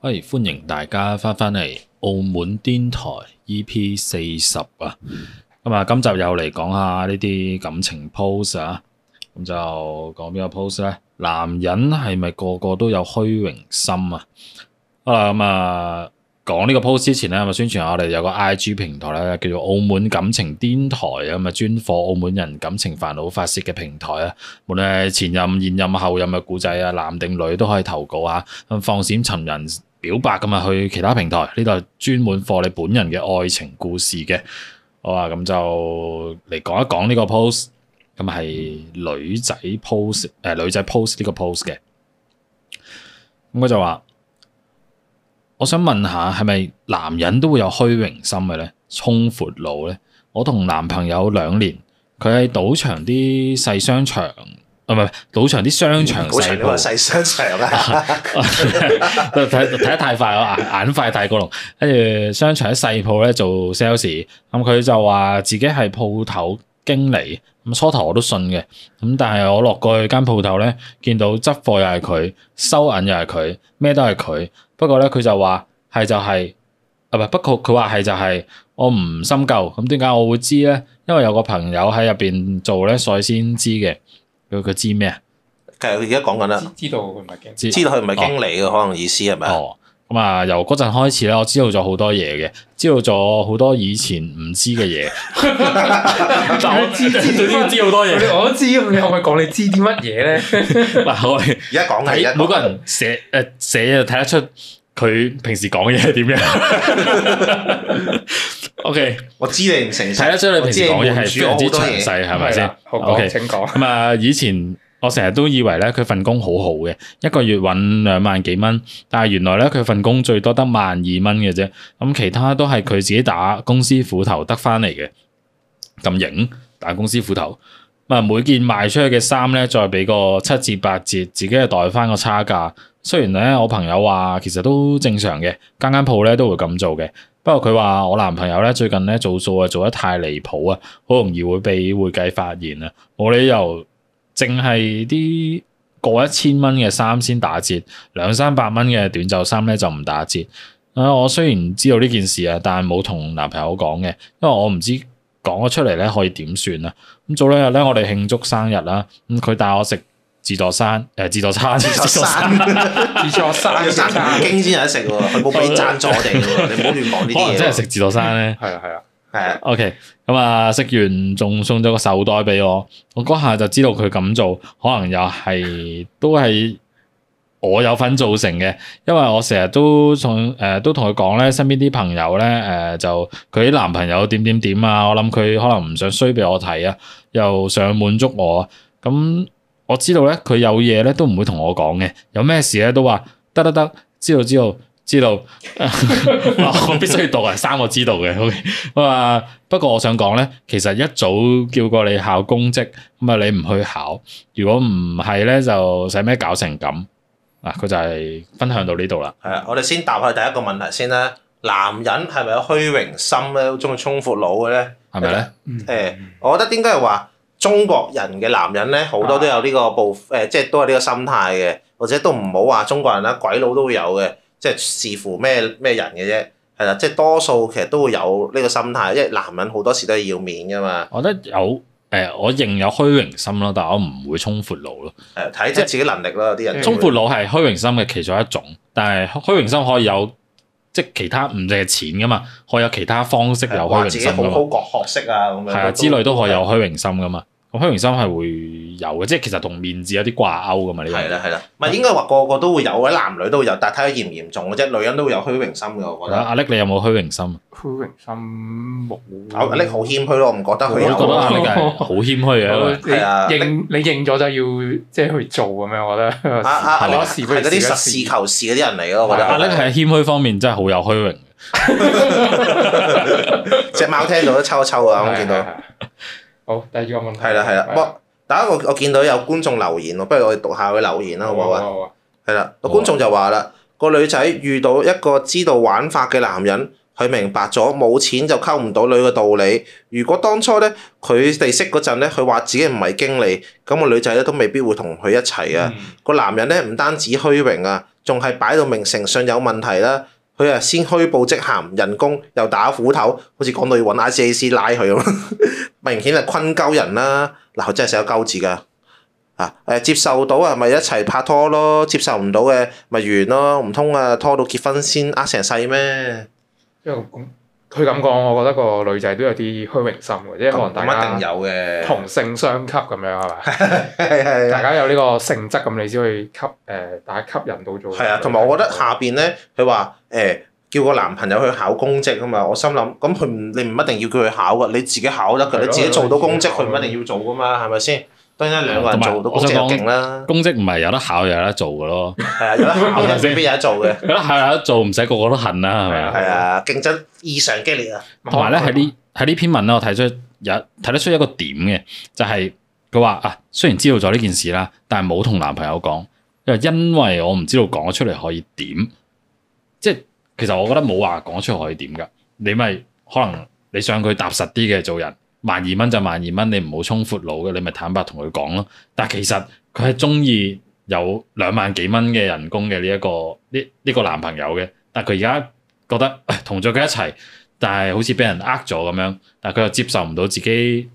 喂，hey，歡迎大家翻返嚟澳門癲台 E.P. 四十啊！咁啊、嗯，今集又嚟講下呢啲感情 post 啊！咁就講邊個 post 呢？男人係咪個個都有虛榮心啊？好啦，咁啊，講呢個 post 之前咧，我宣傳下我哋有個 I.G. 平台咧，叫做澳門感情癲台啊，咁啊專火澳門人感情煩惱發洩嘅平台啊，無論係前任、現任、後任嘅故仔啊，男定女都可以投稿啊，咁放閃尋人，表白咁啊，去其他平台呢度係專門放你本人嘅愛情故事嘅，好啊，咁就嚟講一講呢個 post，咁係女仔 post，誒、呃、女仔 post 呢個 post 嘅，咁佢就話，我想問下，係咪男人都會有虛榮心嘅咧，充闊佬咧？我同男朋友兩年，佢喺賭場啲細商場。唔係賭場啲商場細鋪，你話細商場咧睇睇得太快，我眼,眼快大過龍，跟住商場喺細鋪咧做 sales。咁、嗯、佢就話自己係鋪頭經理。咁初頭我都信嘅，咁但係我落過去間鋪頭咧，見到執貨又係佢，收銀又係佢，咩都係佢。不過咧、就是，佢就話係就係啊，唔不過佢話係就係我唔深究。咁點解我會知咧？因為有個朋友喺入邊做咧，所以先知嘅。佢佢知咩？其實佢而家講緊啦，知道佢唔係經，知道佢唔係經理嘅、哦、可能意思係咪哦，咁啊，由嗰陣開始咧，我知道咗好多嘢嘅，知道咗好多以前唔知嘅嘢。 但我知道， 最知好多嘢。 我都知，你可唔可以講你知啲乜嘢咧？嗱，我而家講嘅，每個人寫誒寫就睇得出。佢平時講嘢點樣？O K，我知你唔誠實。係啦，所以你平時講嘢係好詳細，係咪先？O K，請講。咁啊，以前我成日都以為咧，佢份工好好嘅，一個月搵兩萬幾蚊。但係原來咧，佢份工最多得萬二蚊嘅啫。咁其他都係佢自己打公司斧頭得翻嚟嘅，咁型打公司斧頭。每件賣出去嘅衫咧，再俾個七折八折，自己係代翻個差價。雖然咧，我朋友話其實都正常嘅，間間鋪咧都會咁做嘅。不過佢話我男朋友咧最近咧做數啊，做得太離譜啊，好容易會俾會計發現啊。冇理由淨係啲過一千蚊嘅衫先打折，兩三百蚊嘅短袖衫咧就唔打折。啊，我雖然知道呢件事啊，但係冇同男朋友講嘅，因為我唔知。講咗出嚟咧，可以點算啊？咁早兩日咧，我哋慶祝生日啦。咁佢帶我食自助餐，誒、呃，自助餐，自助餐，自助餐，北先有得食喎。佢冇俾贊助我哋，你唔好亂講呢啲。可能真係食自助餐咧，係啊係啊，係啊。OK，咁啊，食完仲送咗個手袋俾我，我嗰下就知道佢咁做，可能又係都係。我有份造成嘅，因為我成日都想誒，都同佢講咧，身邊啲朋友咧誒，就佢啲男朋友點點點啊，我諗佢可能唔想衰俾我睇啊，又想滿足我，咁我知道咧，佢有嘢咧都唔會同我講嘅，有咩事咧都話得得得，知道知道知道，我必須要讀係三個知道嘅，我話不過我想講咧，其實一早叫過你考公職，咁啊你唔去考，如果唔係咧就使咩搞成咁？嗱，佢就係分享到呢度啦。係啊，我哋先答下第一個問題先啦。男人係咪有虛榮心咧，中意衝闊佬嘅咧？係咪咧？誒、嗯，我覺得點解話中國人嘅男人咧，好多都有呢個部誒，啊、即係都係呢個心態嘅，或者都唔好話中國人啦，鬼佬都會有嘅，即係視乎咩咩人嘅啫。係啦，即係多數其實都會有呢個心態，因為男人好多時都要面㗎嘛。我覺得有。誒，我仍有虛榮心咯，但係我唔會充闊佬咯。係睇即係自己能力啦，啲是人充闊佬係虛榮心嘅其中一種，但係虛榮心可以有即係其他唔淨係錢㗎嘛，可以有其他方式有虛榮心咯。自己好好國學識啊，咁樣係啊，的之類都可以有虛榮心㗎嘛。虛榮心係會有嘅，即係其實同面子有啲掛鈎噶嘛。呢個係啦係啦，唔係應該話個個都會有或者男女都會有，但睇下嚴唔嚴重嘅啫。女人都會有虛榮心嘅，我覺得。阿力，你有冇虛榮心？虛榮心冇。阿力好謙虛咯，我唔覺得佢有。我覺得阿力好謙虛啊。係啊，認你認咗就要即係去做咁樣，我覺得。阿力係嗰啲實事求是嗰啲人嚟咯，我覺得。阿力係謙虛方面真係好有虛榮。隻貓聽到都抽一抽啊！我見到。好，第二個問題。係啦係啦，第一個我見到有觀眾留言，不如我哋讀下佢留言啦，好唔好，好啊？係啦、啊，個的、啊、觀眾就話啦，個女仔遇到一個知道玩法嘅男人，佢明白咗冇錢就溝唔到女嘅道理。如果當初咧，佢哋識嗰陣咧，佢話自己唔係經理，咁、那個女仔咧都未必會同佢一齊啊。嗯、個男人咧唔單止虛榮啊，仲係擺到明誠信有問題啦。佢啊，先虛報職銜，人工又打斧頭，好似講到要揾 I C A C 拉佢咁， 明顯係坤鳩人啦、啊！嗱，真係寫咗鳩字噶啊、哎！接受到啊，咪一齊拍拖咯；接受唔到嘅，咪完咯。唔通啊，拖到結婚先呃，成世咩？佢咁講，我覺得個女仔都有啲虛榮心嘅，即係可能大家同性相吸咁樣係咪？大家有呢個性質咁，你先可以吸誒，大家吸引到做。係啊，同埋我覺得下邊咧，佢話誒叫個男朋友去考公職啊嘛，我心諗咁佢唔你唔一定要叫佢考嘅，你自己考得嘅，的你自己做到公職，佢唔一定要做噶嘛，係咪先？都一兩個人做都工勁啦，公職唔係有得考又得做嘅咯。係啊，有得考入邊有得做嘅， 有得考有得做，唔使個個都恨啦，係咪啊？係 啊，競爭異常激烈啊！同埋咧喺呢喺呢篇文咧，我睇出一睇得出一個點嘅，就係佢話啊，雖然知道咗呢件事啦，但係冇同男朋友講，因為因為我唔知道講咗出嚟可以點。即係其實我覺得冇話講出嚟可以點㗎，你咪可能你想佢踏實啲嘅做人。萬二蚊就萬二蚊，你唔好衝闊佬嘅，你咪坦白同佢講咯。但係其實佢係中意有兩萬幾蚊嘅人工嘅呢一個呢呢、呢個男朋友嘅。但係佢而家覺得同咗佢一齊，但係好似俾人呃咗咁樣。但係佢又接受唔到自己，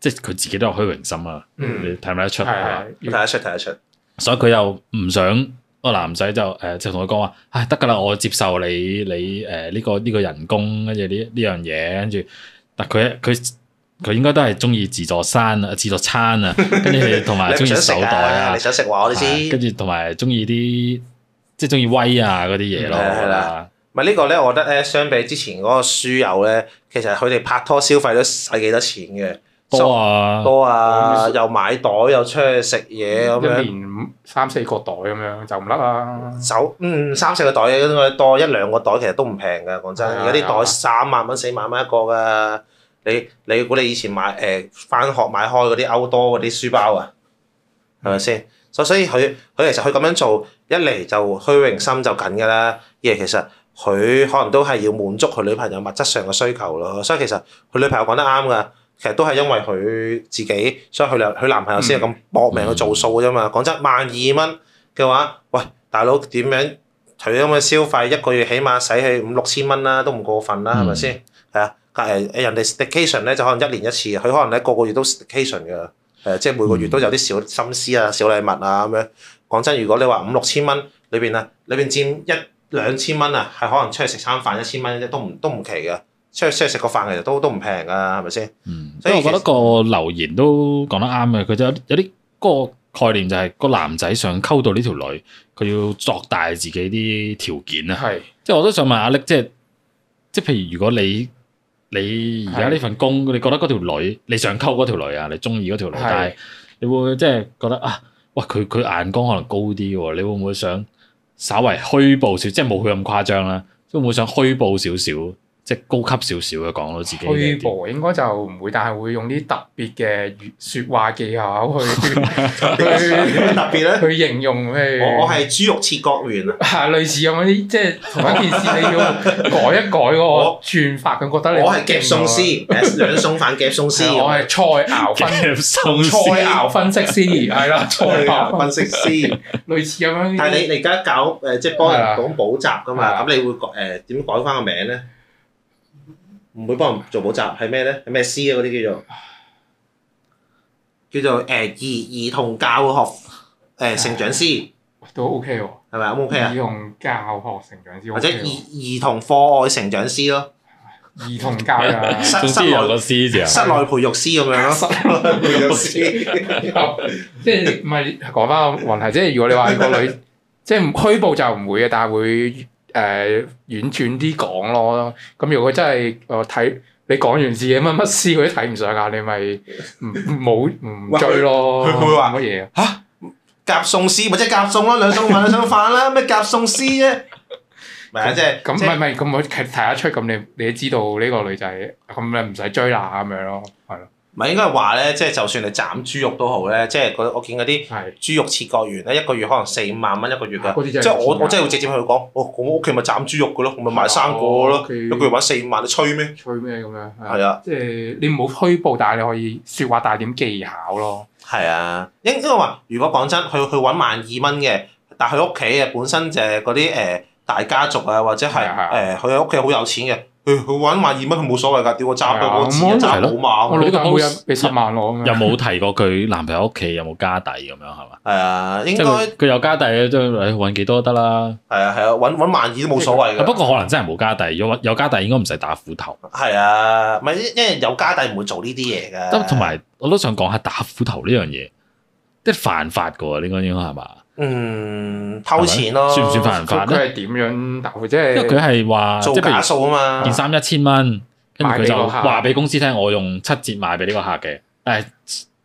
即係佢自己都有虛榮心啊。嗯、你睇唔睇得出？係的，睇得出，睇得出。所以佢又唔想、個男仔就誒，就同佢講話，唉得㗎啦，我接受你你誒呢、呃呢個呢、呢個人工，跟住呢呢樣嘢，跟住。呢個但佢佢佢應該都係中意自助餐啊，自助餐啊，跟住同埋中意手袋 啊，你想食話我哋先，跟住同埋中意啲即係中意威啊嗰啲嘢咯。係啦，咪呢個咧，我覺得咧，相比之前嗰個書友咧，其實佢哋拍拖消費都使幾多錢嘅。多啊，多啊，又買袋又出去食嘢咁樣，嗯，三樣嗯，三四個袋咁樣就唔甩啦。走，嗯三四個袋，咁佢多一兩個袋其實都唔平㗎。講真，而家啲袋三萬蚊、四萬蚊一個㗎。你你估你以前買誒返、呃、學買開嗰啲歐多嗰啲書包啊？係咪先？所所以佢佢其實佢咁樣做一嚟就虛榮心就緊㗎啦。二嚟其實佢可能都係要滿足佢女朋友物質上嘅需求咯。所以其實佢女朋友講得啱㗎。其實都係因為佢自己，所以佢男佢男朋友先係咁搏命去做數嘅啫嘛。講、嗯、真，萬二蚊嘅話，喂，大佬點樣除咗咁嘅消費，一個月起碼使去五六千蚊啦、啊，都唔過分啦，係咪先？係啊，嗯、但係人哋 staycation 咧就可能一年一次，佢可能你個個月都 staycation 㗎，誒、呃，即係每個月都有啲小心思啊、小禮物啊咁樣。講真，如果你話五六千蚊裏邊啊，裏邊佔一兩千蚊啊，係可能出去食餐飯一千蚊啫，都唔都唔奇嘅。出去出去食個飯其實都都唔平噶，係咪先？嗯，所以我覺得個留言都講得啱嘅。佢就有啲個概念就係個男仔想溝到呢條女，佢要作大自己啲條件啊。係是，即係我都想問阿力，即係即係譬如如果你你而家呢份工，是你覺得嗰條女你想溝嗰條女啊，你中意嗰條女，條女條女是但係你會唔會即係覺得啊，哇，佢佢眼光可能高啲喎，你會唔會想稍為虛報少，即係冇佢咁誇張啦？會唔會想虛報少少？即係高級少少嘅講到自己。虛榮應該就唔會，但係會用啲特別嘅説話技巧去去特別咧，去形容。我我係豬肉切割員啊！嚇，類似咁樣啲，即係同一件事你要改一改個轉法。佢覺得我係夾餸師，兩餸飯夾餸師。我係菜餚分析師，菜餚分析師，係啦，菜餚分析師，類似咁樣。但係你你而家搞誒，即係幫人講補習㗎嘛？咁你會誒點改翻個名咧？唔會幫人做補習，係咩咧？係咩師啊？嗰啲叫做叫做誒兒兒童教學誒成長師，都 OK 喎，係咪？有冇 OK 啊？兒童教學成長師，或者兒兒童課外成長師咯，兒童教育師，室內老師就室內培育師咁樣咯，室內培育師，即係唔係講翻個問題？即係如果你話個女，即係虛報就唔會嘅，但係會。誒婉、呃、轉啲講咯，咁如果真係誒睇你講完自己乜乜詩，佢都睇唔上啊！你咪唔冇唔追咯。乜嘢喂啊？嚇！夾餸詩或者夾餸咯，兩餸揾兩餸飯啦，咩夾餸詩啫？咪即係咁咪咪咁我睇得出，咁你你都知道呢個女仔，咁你唔使追啦咁樣咯，係咯。咪係應該係話咧，即係就算你斬豬肉都好咧，即係我見嗰啲豬肉切割員咧，一個月可能四五萬蚊一個月㗎。即係我我真係會直接去講、哦，我我屋企咪斬豬肉嘅咯，咪賣生果咯，okay, 一個月揾四五萬，你吹咩？吹咩咁樣？係啊，啊即係你唔好虛報，但係你可以說話帶點技巧咯。係啊，應該話如果講真，佢去揾萬二蚊嘅，但係佢屋企啊本身就係嗰啲誒大家族啊，或者係誒佢屋企好有錢嘅。佢佢揾萬二蚊，佢冇、哎、所謂噶，屌我揸到我字就到冇碼，老豆每日俾十萬我啊！又冇提過佢男朋友屋企有冇家底咁樣係嘛？係啊，應該佢有家底都揾幾多得啦。係啊係啊，揾揾萬二都冇所謂嘅。不過可能真係冇家底，有有家底應該唔使打斧頭。係啊，唔係因為有家底唔會做呢啲嘢㗎。同埋我都想講下打斧頭呢樣嘢，即係犯法嘅喎，呢個應該係嘛？嗯，偷錢咯，算唔算犯人犯咧？佢係點樣做？即係，佢係話做假數啊嘛。件衫一千蚊，跟住佢就話俾公司聽，我用七折賣俾呢個客嘅。但係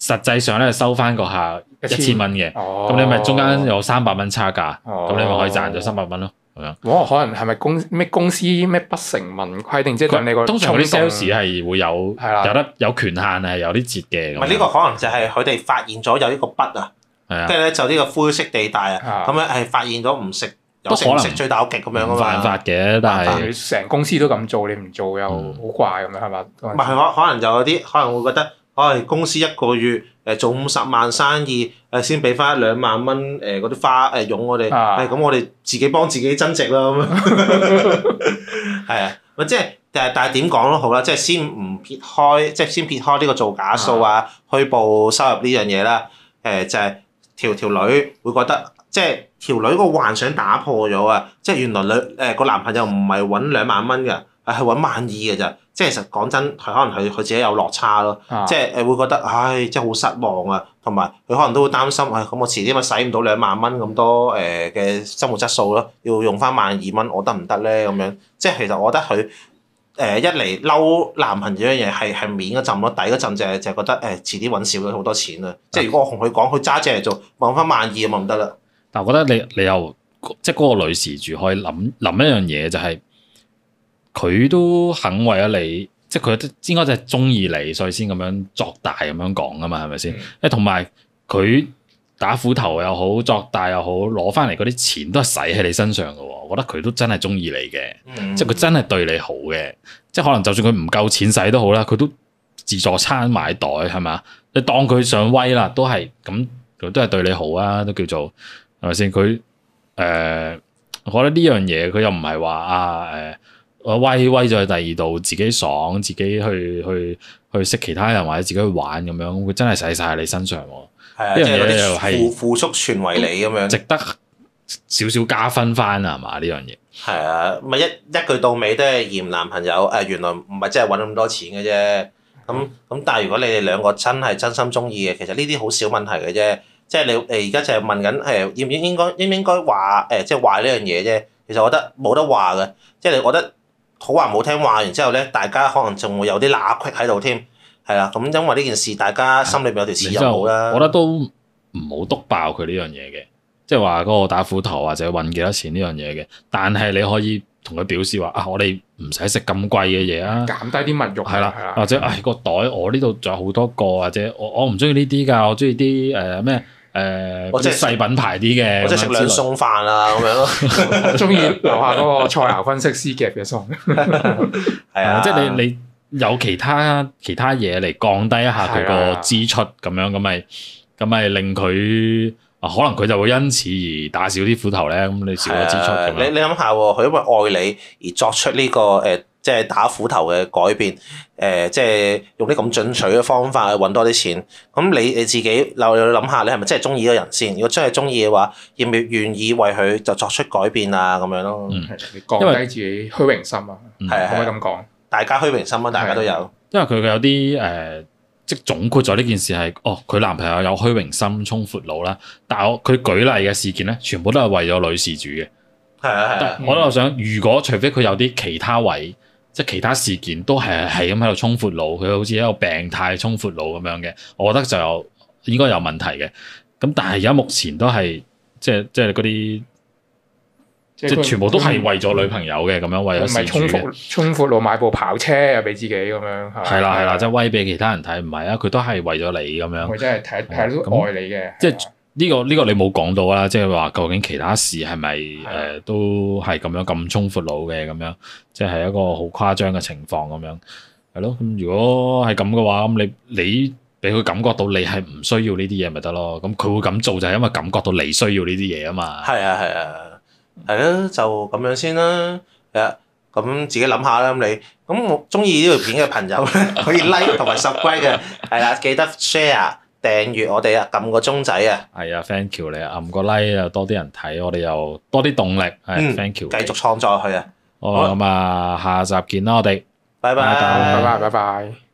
實際上咧，收翻個客一千蚊嘅。咁你咪中間有三百蚊差價，咁你咪可以賺咗三百蚊咯。係啊。可能係咪公咩公司咩不成文規定，即係你通常啲 sales 係會有，有得有權限係有啲折嘅。唔呢個可能就係佢哋發現咗有呢個筆啊。係啊，跟住咧就呢個灰色地帶啊，咁樣係發現咗唔食，有成食最大好極咁樣啊嘛。辦法嘅，但係成公司都咁做，你唔做又好怪咁樣，係嘛？唔係可可能就有啲可能會覺得，唉公司一個月誒做五十萬生意，誒先俾翻兩萬蚊誒嗰啲花誒傭我哋，咁我哋自己幫自己增值囉咁樣。係啊，咪即係但係但係點講都好啦，即係先唔撇開，即係先撇開呢個造假數啊虛報收入呢樣嘢啦。誒就係。條條女會覺得，即係條女個幻想打破咗啊！即係原來女誒個、呃、男朋友唔係揾兩萬蚊嘅，係去揾萬二嘅咋。即係其實講真，係可能係佢自己有落差咯。啊、即係誒會覺得，唉，即係好失望啊！同埋佢可能都會擔心，唉，咁我遲啲咪使唔到兩萬蚊咁多誒嘅、呃、生活質素咯，要用返萬二蚊，我得唔得咧？咁樣，即係其實我覺得佢。誒、呃、一嚟嬲男朋友呢樣嘢係係面嗰陣咯，一底一陣就係、就係、覺得誒遲啲揾少咗好多錢啦。啊、即係如果我同佢講，佢揸正嚟做，望翻萬二咁啊唔得啦。但係我覺得你你又即係嗰個女士住可以諗諗一樣嘢，就係，就係佢都肯為咗你，即係佢應該就係中意你，所以先咁樣作大咁樣講噶嘛，係咪先？誒同埋佢。打斧頭又好，作大又好，攞翻嚟嗰啲錢都係使喺你身上噶、哦。我覺得佢都真係中意你嘅，mm. 即係佢真係對你好嘅。即係可能就算佢唔夠錢使都好啦，佢都自助餐買袋係嘛，你當佢上威啦，都係咁，都係對你好啊，都叫做係咪先？佢誒、呃，我覺得呢樣嘢佢又唔係話啊誒、呃、我威威咗去第二度自己爽，自己去去去,去識其他人或者自己去玩咁樣，佢真係使晒喺你身上。因為嗰啲係付付出全為你咁樣。啊、值得少少加分翻啊？係嘛呢樣嘢？係啊，咪一一句到尾都係嫌男朋友誒、呃，原來唔係真係揾咁多錢嘅啫。咁咁但係如果你哋兩個真係真心中意嘅，其實呢啲好少問題嘅啫。即係你誒而家就係問緊誒，應唔應該應唔應該話誒、呃，即係話呢樣嘢啫。其實我覺得冇得話嘅，即係你覺得好話冇聽話，然之後咧，大家可能仲會有啲罅隙喺度添。係啦，咁因為呢件事，大家心裏邊有條線就好啦。No、我覺得都唔好篤爆佢呢樣嘢嘅，即係話嗰個打斧頭或者揾幾多錢呢樣嘢嘅。但係你可以同佢表示話啊，我哋唔使食咁貴嘅嘢啊，減低啲物慾係啦，或者唉，個袋我呢度仲有好多個，或者我我唔中意呢啲㗎，我中意啲誒咩誒即係細品牌啲嘅，即係食兩餸飯啊咁樣咯，中意留下嗰個菜肴分析師夾嘅餸啊，即係你你。有其他其他嘢嚟降低一下佢個、啊、支出咁樣，咁咪咁咪令佢可能佢就會因此而打少啲斧頭咧。咁你少咗支出、啊、你你諗下，佢因為愛你而作出呢、呢個誒、呃，即係打斧頭嘅改變，誒、呃、即係用啲咁進取嘅方法去揾多啲錢。咁你你自己留嚟諗下，你係咪真係中意呢個人先？如果真係中意嘅話，願唔願意為佢就作出改變啊？咁樣咯，嗯、降低自己虛榮心、嗯、啊，可唔可以咁講。大家虛榮心啊，大家都有，因為佢有啲誒、呃，即總括咗呢件事係，哦，佢男朋友有虛榮心，充闊佬啦。但係佢舉例嘅事件咧，全部都係為咗女事主嘅。係啊係。啊但係我都想，如果除非佢有啲其他位，即其他事件都係係咁喺度充闊佬，佢好似一個病態充闊佬咁樣嘅，我覺得就有應該有問題嘅。咁但係而家目前都係即即嗰啲。即係全部都係為咗女朋友嘅咁樣，為咗時柱。唔係充闊，充闊佬買部跑車啊，俾自己咁樣。係啦，係啦，即係威俾其他人睇。唔係啊，佢都係為咗你咁樣。佢真係睇睇愛你嘅。即係呢個呢個你冇講到啊！即係話究竟其他事係咪誒都係咁樣咁充闊佬嘅咁樣？即係一個好誇張嘅情況咁樣，係咯。咁如果係咁嘅話，咁你你俾佢感覺到你係唔需要呢啲嘢咪得咯？咁佢會咁做就係因為感覺到你需要呢啲嘢啊嘛。係啊，係啊。係啦，就咁樣先啦。係啦，咁自己諗下啦。咁你咁我中意呢條片嘅朋友咧， 可以 like 同埋 subscribe 嘅、啊。係啦，記得 share、訂閱我哋啊，撳個鐘仔啊。係啊，thank you 你啊，按個 like 啊，多啲人睇，我哋又多啲動力。嗯、yeah，thank you 嗯。你繼續創作去啊！好，咁啊， 下集見啦，我哋。Bye bye 拜拜，拜拜，拜拜。